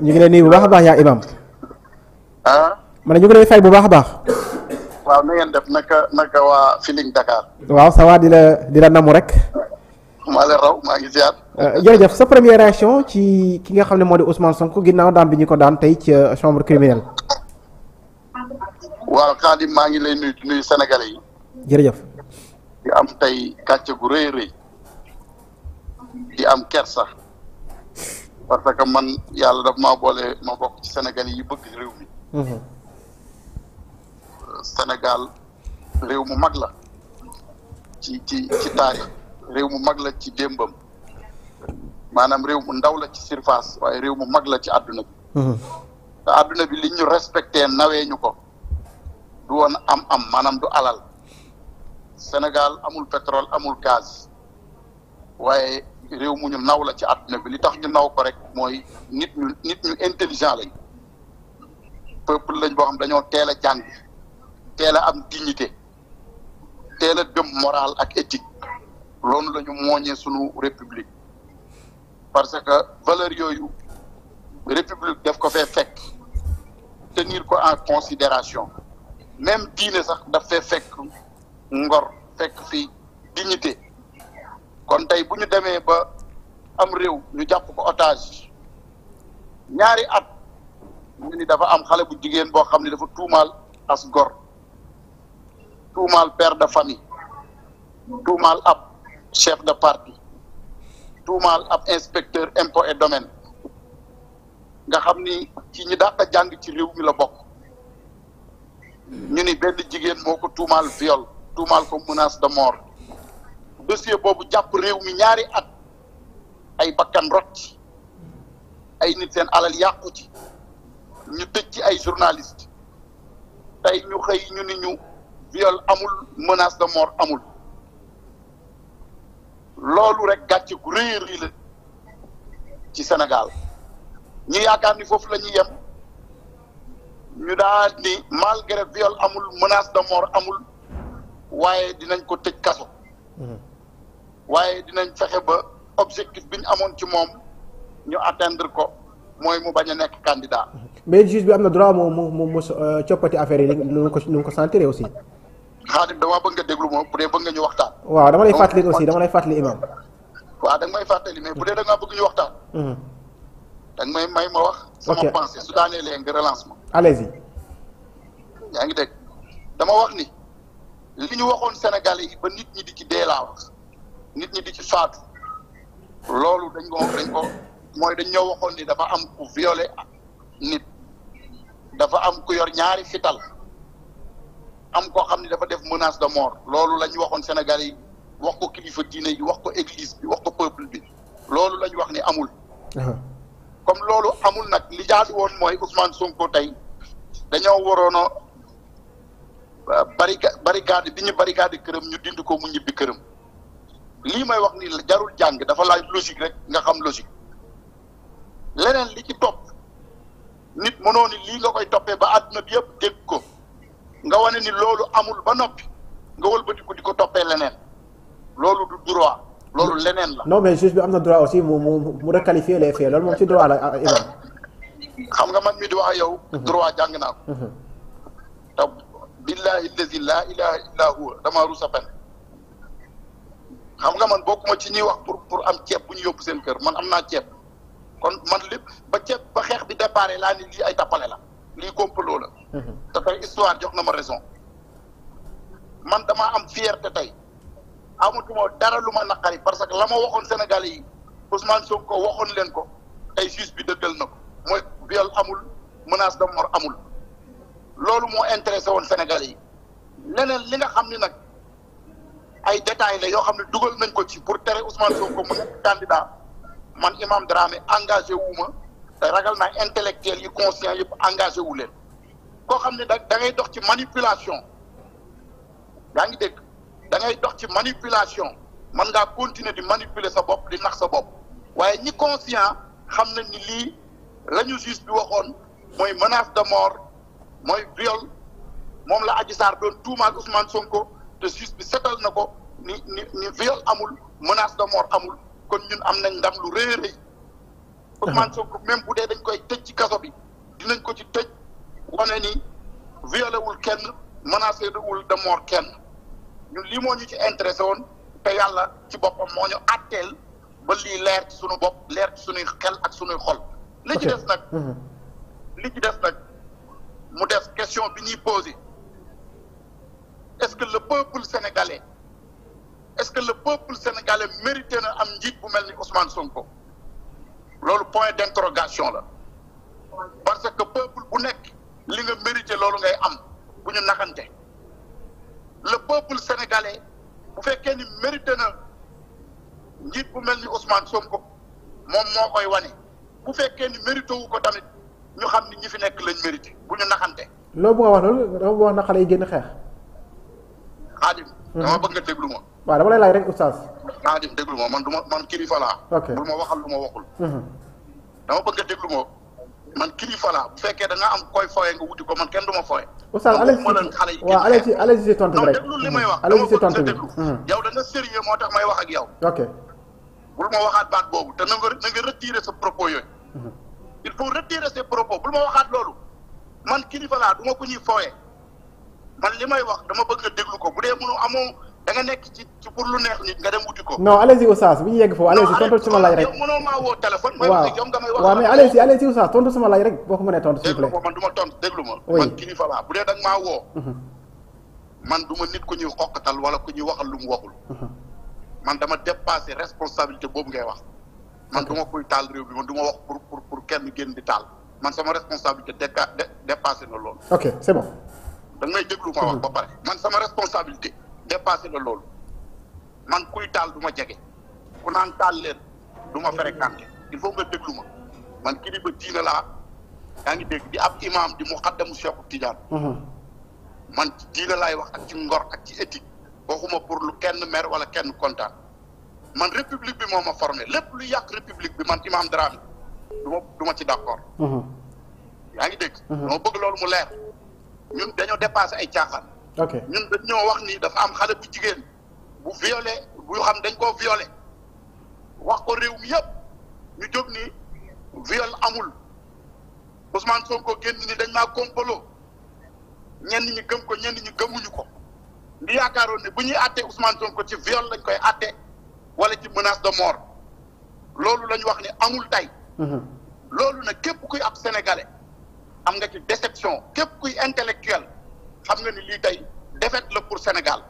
ñu ngi lay nuyu bu baax a baax yaa imam ah ma ne ñu ngi lay fay bu baax a baax waaw na ngeen def naka naka waa Feeling Dakar waaw ça va di la namu rek maa la raw maa ngi ziar euh, jërëjëf sa première réaction ci ki nga xam ne moo de Ousmane Sonko ginnaaw daan bi ñu ko daan tey ci euh, chambre criminelle waaw Khadim maa ngi lay nuyu di nuyu Sénégalais yi jërëjëf di am tey kàcce gu rëy rëy di am kersa parce que man yàlla daf maa boole ma bokk ci Sénégal yi bëgg réew mi. Mhm. Sénégal réew mu mag la ci ci réew mu mag la ci démbam maanaam réew mu ndaw la ci surface waaye réew mu mag la ci àdduna bi. Mhm. te bi li ñu respecté nawee ñu ko du woon am-am maanaam du alal Sénégal amul pétrole amul gaz waaye. réew mu ñu naw la ci àdduna bi li tax ñu naw ko rek mooy nit ñu intelligent lañ peuple lañ boo xam dañoo teel a jàng teel a am dignité teel a gëm moral ak éthique loolu la ñu sunu république parce que valeur yooyu république def ko fee fekk tenir ko en considération même diine sax daf fee fekk ngor fekk fi dignité kon tey bu ñu demee ba am réew ñu jàpp ko otage ñaari at ñu ni dafa am xale bu jigéen boo xam ne dafa tuumaal as gor tuumaal père de famille tuumaal ab chef de parti tuumaal ab inspecteur impôt et domaine nga xam ni ci ñu dàq jàng ci réew mi la bokk ñu ni benn jigéen moo ko tuumaal viol tuumaal ko menace de mort dossier boobu jàpp réew mi ñaari at ay bakkan rot ay nit seen alal yàqu ci ñu tëj ci ay journaliste tey ñu xëy ñu ni ñu viol amul mënaas de mort amul loolu rek gàcce gu rëy rëy la ci Sénégal ñu yaakaar ni foofu la ñuy yem ñu daal ni malgré viol amul menace de mort amul waaye dinañ ko tëj kaso. Mm-hmm. waaye dinañ fexe ba objectif bi ñu amoon ci moom ñu atteindre ko mooy mu bañ a nekk candidat. mais juge bi am na droit mu mu mu euh, coppati affaire yi nu ko nu ko sentir aussi. Xaadim damaa bëgg nga déglu moom bu dee bëgg nga ñu waxtaan. waaw dama lay fàttali aussi dama lay fàttali imam. waaw da nga may fàttali mais bu dee da ngaa bëgg ñu waxtaan. Mm-hmm. da nga may may ma wax. sama pensée su daanee léegi nga relance ma. allez-y. yaa ngi dégg dama wax ni li ñu waxoon Sénégalais yi ba nit ñi di ci dee laa wax. nit ñi di ci faatu loolu dañ ko dañ ko mooy dañ ñoo waxoon ni dafa am ku violé nit dafa am ku yor ñaari fital am koo xam ne dafa def menace de mort loolu la ñu waxoon Sénégal yi wax ko kilifa diine yi wax ko église bi wax ko peuple bi loolu la wax ni amul uh-huh. comme loolu amul nag li jaadu woon mooy Ousmane Sonko tey dañoo waroono euh, barika barricade bi ñu barricade këram ñu dindi ko mu ñibbi këram lii may wax ni jarul jàng dafa laaj logique rek nga xam logique leneen li ci topp nit mënoo ni lii nga koy toppee ba àdduna bi yëpp dégg ko nga wane ni loolu amul ba noppi nga wëlbatiku di ko toppee leneen loolu du droit loolu leneen la. non mais juge bi am na droit aussi mu mu mu requalifier les faits loolu moom ci droit a euh, imam xam nga man mi di wax ak yow. Mhm. droit jàng naa ko. Mhm. te billahi allazi la ilaha illa xam nga man bokkuma ci ñuy wax pour pour am ceeb bu ñu yóbbu seen kër man am naa ceeb kon man lépp ba ceeb ba xeex bi déparé laa ni lii ay tappale la lii complot la. dafay mhm. tey histoire jox na ma raison. man damaa am fierté tey amatuma dara lu ma naqari parce que la ma waxoon Sénégalais yi Ousmane Sonko waxoon leen ko tey juge bi dëggal na ko mooy viol amul menace de mort amul loolu moo intéressé woon Sénégalais yi leneen li nga xam ni nag. ay détails la yoo xam ne dugal nañ ko ci pour tere Ousmane Sonko mu nekk candidat man Imam Dramé engagé wu ma te ragal naa intellectuel yi conscient yëpp engagé wu leen koo xam ne da da ngay dox ci manipulation yaa ngi dégg dangay dox ci manipulation mën ngaa continuer di manipuler sa bopp di nax sa bopp waaye ñi conscient xam nañ ni lii la ñu juge bi waxoon mooy menace de mort mooy viol moom la Adji Sarr doon tuumaal Ousmane Sonko. te juge bi setal na ko ni ni ni viol amul menace de mort amul kon ñun am nañ ndam lu rëy a rëy. Ousmane Sonko même bu dee dañ koy tëj ci kaso bi dinañ ko ci tëj wane ni violé wul kenn menacé wul de mort kenn ñun lii moo ñu ci intéressé woon te yàlla ci boppam moo ñu àtteel ba lii leer sunu suñu bopp leer ci suñuy xel ak suñuy xol. li ci des nag. Mhm. li ci des nag mu des question bi ñuy posé. est-ce que le peuple sénégalais est-ce que le peuple sénégalais mérité na am njiit bu mel ni Ousmane Sonko loolu point d'interrogation la parce que peuple bu nekk li nga mérité loolu ngay am bu ñu naxante le peuple sénégalais bu fekkee ni mérité na njiit bu mel ni Ousmane ko moom moo koy wane bu fekkee ni mérité wu ko tamit ñu xam ni ñu fi nekk lañ mérité bu ñu naxante. loo bëgg a wax loolu loo bëgg a wax na xale yi génn xeex. xaadim mhm. dama bëgg nga déglu ma. waaw dama lay laaj rek oustaz. xaadim déglu ma man du ma man kilifa laa. ok bul ma waxal lu ma waxul. Mhm. dama bëgg nga ma man bu fekkee da am koy foyee wuti ko man kenn du ma foyee. oustaz allez waaw allez may mhm. wax. allez ci tontu bi yow moo tax may wax ak yow. ok bul ma waxaat baat boobu te na nga na nga retirer sa propos yooyu. faut retirer ses propos bul ma waxaat loolu man kilifa laa du ma ko ñuy foyee. man li may wax dama bëgg nga déglu ko bu dee mënu amoo da nekk ci ci pour lu neex nit nga dem wuti ko. non allez-y Oustaz bu ñu yegg foofu allez-y tontu sama laaj rek. mënoo maa woo téléphone. tontu sama laaj rek boo ko mënee tontu s'il vous plaît. déglu ko man du ma tontu déglu ma. oui man kilifa mhm. ma nit ku ñuy tal wala ku ñuy waxal lu mu waxul. Mhm. man dama dépassé responsabilité boobu ngay wax. man du ma kuy taal réew bi man du ma wax pour pour pour kenn génn di taal man sama responsabilité dépassé na loolu. ok c'est da ngay déglu ma wax ba pare man sama responsabilité dépassé la loolu man kuy taal du ma jege ku naan taal leen du ma fréquenté il faut nga déglu ma man ki kii ba diina laa yaa ngi dégg di ab imam di muqaddamu Cheikhu Tidiane mhm. man ci diina laay wax ak ci ngor ak ci éthique waxuma pour lu kenn mer wala kenn kontaan man république moo ma formé lépp lu yàq république bi man imam Dramé du ma du ma ci d'accord mhm. ngi dégg mhm. dama bëgg loolu mu leer ñun dañoo dépassé ay caaxaan. ok ñun dañoo wax ni dafa am xale bu jigéen bu violé bu xam dañ koo violé wax ko réew mi yëpp ñu jóg ni viol amul Ousmane ko génn ni dañ maa kompaloo ñenn ñi gëm ko ñenn ñi gëmuñu ko ndi yaakaaroon ne bu ñuy àttee Ousmane Sonko ci viol lañ koy àtte wala ci menace de mort loolu lañu wax ni amul tey. Mhm. loolu nag képp kuy ab sénégalais. xam nga ci déception képp kuy intellectuel xam nga ni lii tey defet la pour Sénégal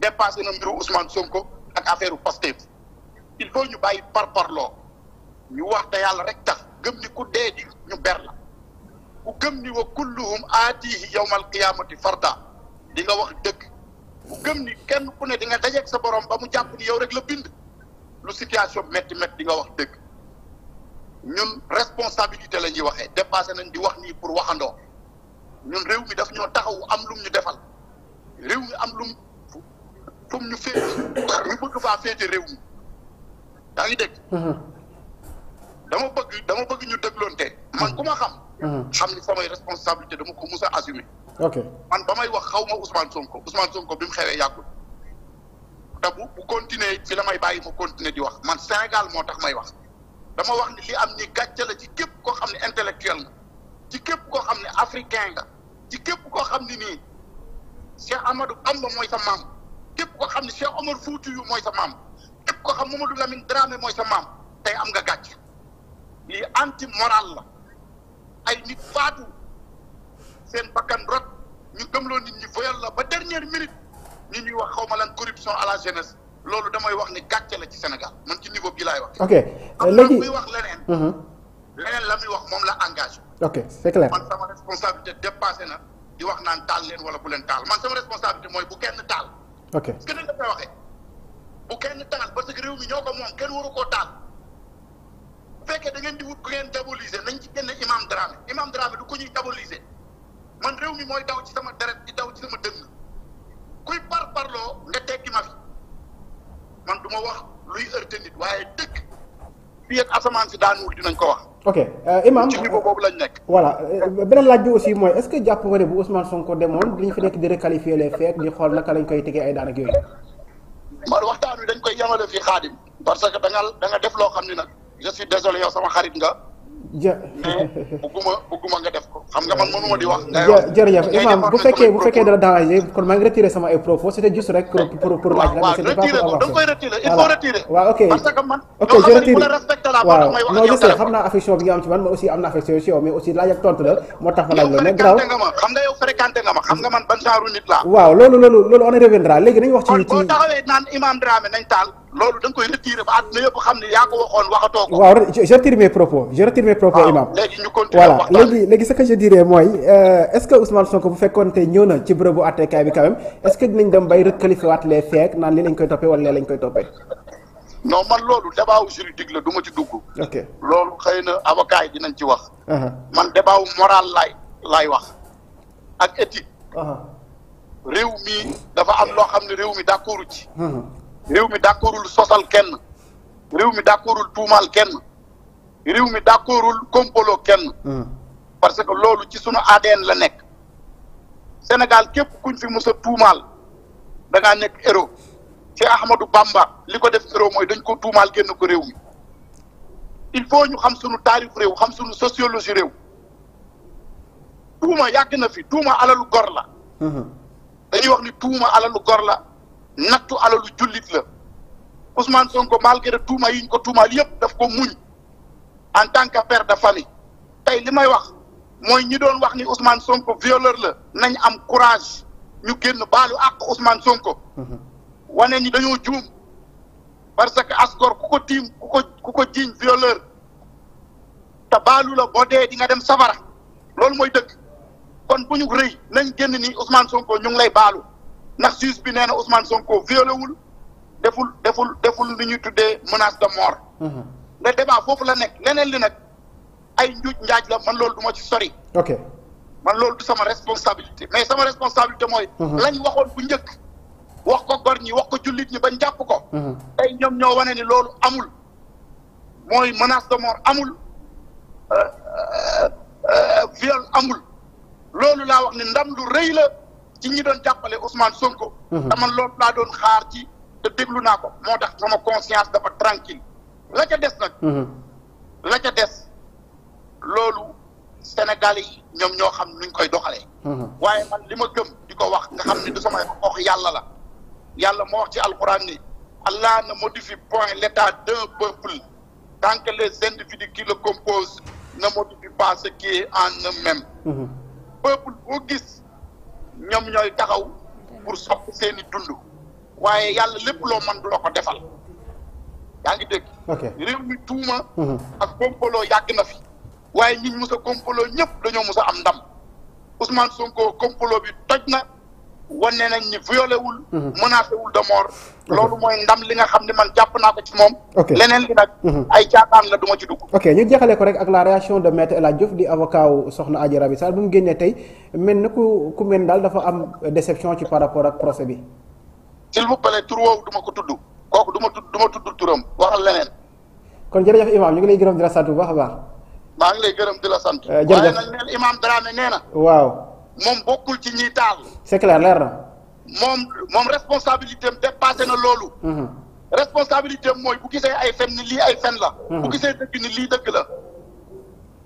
dépassé na mbiru Ousmane Sonko ak affaire Pastef il faut ñu bàyyi par loo ñu wax te yàlla rek tax gëm ni ku dee di ñu ber la ku gëm ni wa kulluhum aatihi yawmal qiyaamati farda di nga wax dëgg ku gëm ni kenn ku ne di nga dajeeg sa borom ba mu jàpp ni yow rek la bind lu situation métti métti di nga wax dëgg ñun responsabilité la ñuy waxee dépasé nañ di wax nii pour waxandoo ñun réew mi daf ñoo taxawu am lum ñu defal réew mi am lum fu ñu féete ñu bëgg faa féete réew mi daa ngi dégg. Mhm. dama bëgg dama bëgg ñu dégloonte man ku ma xam. Mhm. xam ni samay responsabilité dama ko mus a assumer. ok man ba may wax xaw ma Ousmane Sonko Ousmane ko bi mu xewee yàggul. te bu bu continuer fi la may bàyyi ma continuer di wax man Sénégal moo tax may wax. dama wax ni li am ni gàcce la ci képp koo xam ne intellectuel nga ci képp koo xam ne africain nga ci képp koo xam ne nii Cheikh am Bamba mooy sa maam képp koo xam ne Cheikh Omar Foutiyou mooy sa maam képp koo xam Mamadou Lamine Dramé mooy sa maam tey am nga gàcce lii anti moral la ay nit faatu seen bakkan rot ñu gëmloo nit ñi voyal la ba dernière minute ñu ñuy wax xaw ma lan corruption à la jeunesse loolu damay wax ni gàcce la ci Sénégal man ci niveau bi laay wax. ok euh, léegi muy wax leneen. Mhm. leneen la muy wax moom la engage ok c'est clair man sama responsabilité dépassé na di wax naan taal leen wala bu leen taal man sama responsabilité mooy bu kenn taal. ok est-ce que waxee bu kenn taal parce que réew mi ñoo ko moom kenn waru koo taal bu fekkee da ngeen di wut ku ngeen diaboliser nañ ci génne imam Dramé imam Dramé du ko ñuy diaboliser man réew mi mooy daw ci sama deret di daw ci fii ak asamaan si daanuwul dinañ ko wax. ok euh, Imaam ci niveau boobu lañ nekk. voilà euh, beneen laaj aussi mooy est-ce que jàpp nga ne bu Ousmane Sonko demoon dañu fi nekk di requalifier les faits di xool naka lañ koy tegee ay daan yooyu. man waxtaan wi dañ koy yemale fii xaadim parce que da nga da def loo xam ne nag je suis désolé yow sama xarit nga. ja bëgguma bëgguma nga def ko xam nga imam bu fekkee bu fekkee dara daawaay kon maa ngi retiré sama ay propos c'était juste rek pour pour waaw ok ok je retire waaw non je sais xam naa affection bi man aussi am na affection ci yow aussi laaj ak tontu la moo tax ma laaj la mais. nga ma xam nga man ban genre nit laa. waaw loolu loolu loolu on reviendra léegi nañu wax ci. naan imam Dramé nañ taal loolu da nga koy retirer ba àdduna yëpp xam ne yaa ko waxoon waxatoo ko. waaw je retire mes propos je retire mes propos ah, imam léegi ñu continuer voilà léegi léegi ce que je dirais mooy euh, est-ce que Ousmane Sonko bu fekkoon te ñëw na ci bërëbu àttekaay bi quand est-ce que dinañ dem bay recalifier waat les faits naan lii lañ koy toppee wala lee lañ koy toppee. non man loolu débat juridique la du ma ci dugg. ok loolu na avocat ci wax. Uh-huh. man débat moral laay laay wax ak éthique. Uh-huh. réew mi dafa am loo xam ne réew mi d'accord ci. Uh-huh. réew mi d'accordul sosal kenn réew mi d'accordul tuumaal kenn réew mi d'accordul kompolo kenn hmm. parce que loolu ci sunu ADN la nekk Sénégal képp kuñ fi mës a tuumaal da nekk héros ci Ahmadou Bamba li ko def héros mooy dañ ko tuumaal kenn ko réew il faut ñu xam sunu taarix réew xam sunu sociologie réew tuuma yàgg na fi tuuma alalu gor la hmm. dañuy wax ni tuuma alalu gor la nattu alalu jullit la Ousmane Sonko malgré tuuma yi ñu ko tuumaal yëpp daf ko muñ en tant que père de famille tey li may wax mooy ñi doon wax ni Ousmane Sonko violeur la nañ am courage ñu génn baalu ak Ousmane Sonko. Mhm. wane ni dañoo juum parce que askor ku ko tiim ku ko ku ko jiiñ violeur te baalu la boo dee di nga dem safara loolu mooy dëkk kon bu ñu rëy nañ génn ni Ousmane Sonko ñu ngi lay baalu. ndax juge bi nee na Ousmane Sonko violé deful deful deful lu ñuy tuddee menace de mort. Mhm. le débat foofu la nekk leneen li nag ay njuuj njaaj la man loolu du ma ci sori. ok man loolu du sama responsabilité mais sama responsabilité mooy. Mhm. lañ waxoon bu njëkk. wax ko gor ñi wax ko jullit ñi bañ jàpp ko. Mhm. tey ñoom ñoo wane ni loolu amul. mooy menace de mort amul. Euh, euh, euh, viol amul. loolu laa wax ni ndam lu rëy la. ci ñi doon jàppale Ousmane Sonko. dama mhm. loolu laa doon xaar ci te déglu naa ko moo tax sama conscience dafa tranquille la ca des nag. Mhm. la ca des loolu sénégal yi ñoom ñoo xam nuñ koy doxalee. Mhm. waaye man li ma gëm di ko wax nga xam ne du sama wax yàlla la yàlla moo wax ci alxuraan ni Allah ne modifie point l'état d'un peuple tant que les individus qui le composent ne modifient pas ce qui est en eux-mêmes. peuple boo gis. ñoom ñooy taxaw pour soppi seeni i dund waaye yàlla lépp loo man du la ko defal yaa ngi dégg. réew mi tuuma. Mhm. ak kompaloo yàgg na fi. waaye ñi ñu mus a kompaloo ñëpp dañoo mus a am ndam Ousmane Sonko kompaloo bi toj na. wane nañ ni violé wul. Mhm. menacé wul de mort. loolu mooy ndam li nga xam ne man jàpp naa ko ci moom. leneen li nag. Mhm. ay caataan la du ma ci dugg. ok ñu jeexalee ko rek ak la réaction de maître El Hadj Diouf di avocat wu soxna Adji Raby Sarr bu mu génnee tey mel na ku ku mel daal dafa am déception ci par rapport ak procès bi. s'il vous plaît tur woowu du ma ko tudd kooku du ma tudd du ma tudd turam waxal leneen. kon jërëjëf Imaam ñu ngi lay gërëm di la sant bu baax a baax. maa ngi lay gërëm di la sant. Eh, jërëjëf waaye nag neen Imaam Dramé moom bokkul ci ñiy taal. c'est leer na. moom moom responsabilité am dépassé na loolu. Mhm. responsabilité am mooy bu gisee ay fen ni lii ay fen la. Mhm. bu gisee dëgg ni lii dëgg la.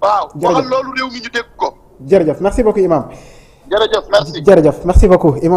waaw waxal loolu réew mi ñu dégg ko. jërëjëf merci beaucoup imam jërëjëf merci jërëjëf merci